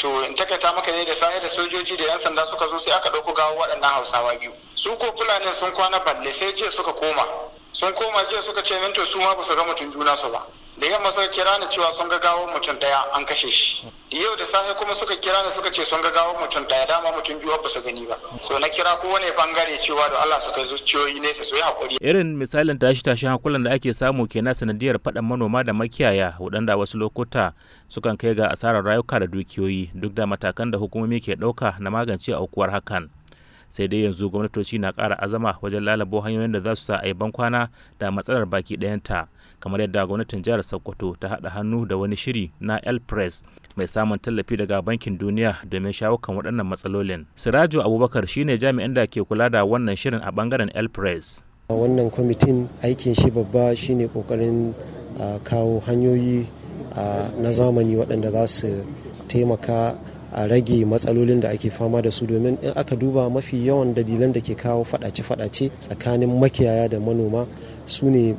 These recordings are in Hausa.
to in takaita maka ne da sa'i da sojoji da 'yan sanda suka zo sai aka ɗauko gawa waɗannan hausawa biyu su ko fulani sun kwana balle sai jiya suka koma sun koma jiya suka ce min su ma ba su ga mutum juna su ba da yamma suka kira ni cewa sun ga gawon mutum daya an kashe shi yau da safe kuma suka kira ni suka ce sun ga gawon mutum daya dama mutum biyu ba su gani ba so na kira kowane bangare cewa da Allah su kai zuciyoyi ne su yi hakuri irin misalin tashi tashi hankulan da ake samu kenan sanadiyar fadan manoma da makiyaya wadanda wasu lokuta sukan kai ga asarar rayuka da dukiyoyi duk da matakan da hukumomi ke ɗauka na magance aukuwar hakan sai dai yanzu gwamnatoci na kara azama wajen lalabo hanyoyin da za su sa a yi bankwana da matsalar baki ɗayanta kamar yadda gwamnatin jihar sokoto ta haɗa hannu da wani shiri na el press mai samun tallafi daga bankin duniya domin shawo kan waɗannan matsalolin sirajo abubakar shine jami'in da ke kula da wannan shirin a bangaren el press wannan kwamitin aikin shi babba shine kokarin kawo hanyoyi na zamani waɗanda za su taimaka a rage matsalolin da ake fama da su domin in aka duba mafi yawan dalilan da ke kawo fadace-fadace tsakanin makiyaya da manoma su ne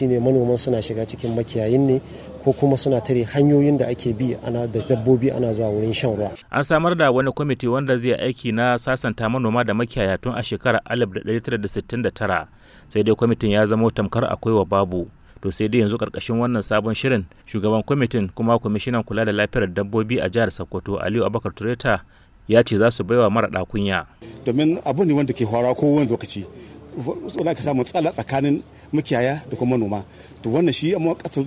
ne manoman suna shiga cikin makiyayin ne ko kuma suna tare hanyoyin da ake bi ana da dabbobi ana zuwa wurin shan ruwa. An samar da wani kwamiti wanda zai aiki na sasanta manoma da makiyaya tun a shekarar 1969 sai dai kwamitin ya zama tamkar akwai wa babu. to sai dai yanzu karkashin wannan sabon shirin shugaban kwamitin kuma kwamishinan kula da lafiyar dabbobi a jihar sokoto aliyu abakar tureta ya ce za su wa mara kunya. domin abu ne wanda ke fara ko wani lokaci wani ka samu tsala tsakanin makiyaya da kuma manoma to wannan shi amma kasar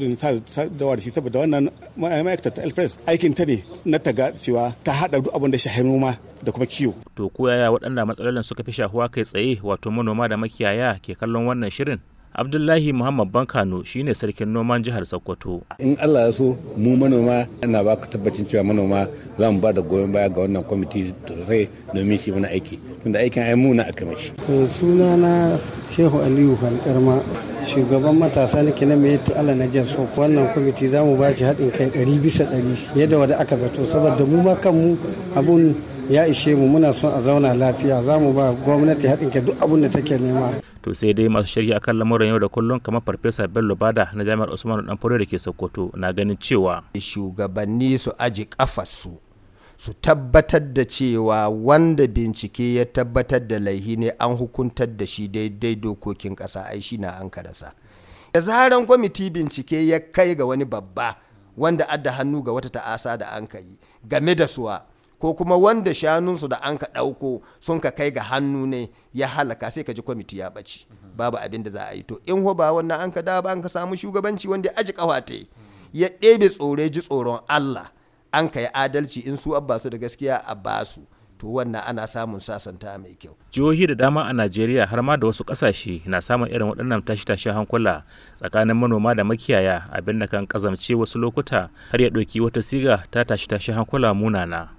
da da shi saboda wannan ma'aikatar ta elpres aikin ta ne na ta ga cewa ta hada duk abin da shahin noma da kuma kiwo to ko yaya waɗanda matsalolin suka fi shahuwa kai tsaye wato manoma da makiyaya ke kallon wannan shirin abdullahi muhammad bankano shine sarkin noman jihar sokoto in allah ya so mu manoma na ba tabbacin cewa manoma za mu ba da goyon baya ga wannan kwamiti sosai domin shi mana aiki tunda aikin ai muna aka mashi to suna na shehu aliyu falkarma shugaban matasa na kina mai yatti ala najar so wannan kwamiti za mu ba shi haɗin kai ɗari bisa ɗari yadda wada aka zato saboda mu ma kanmu abun ya ishe mu muna son a zauna lafiya za mu ba gwamnati haɗin ke duk abin da take nema. To sai dai masu shari'a akan lamuran yau da kullum kamar Farfesa Bello Bada na Jami'ar Usman Danfore da ke Sokoto na ganin cewa. Shugabanni su aji kafarsu su tabbatar da cewa wanda bincike ya tabbatar da laihi ne an hukuntar da shi daidai dokokin kasa ai shi na an karasa. Da zaran kwamiti bincike ya kai ga wani babba wanda adda hannu ga wata ta'asa da an kai game da suwa ko kuma wanda shanunsu da an ka ɗauko sun ka kai ga hannu ne ya halaka sai ka ji kwamiti ya ɓaci babu abin da za a yi to in ba wannan an ka dawo ba an ka samu shugabanci wanda aji ƙawa ta ya ɗebe tsore ji tsoron Allah an ka yi adalci in su abba su da gaskiya a su to wannan ana samun sasanta mai kyau. Jihohi da dama a Najeriya har ma da wasu kasashe na samun irin waɗannan tashi-tashi hankula tsakanin manoma da makiyaya abin da kan ƙazamce wasu lokuta har ya ɗauki wata siga ta tashi-tashi hankula munana.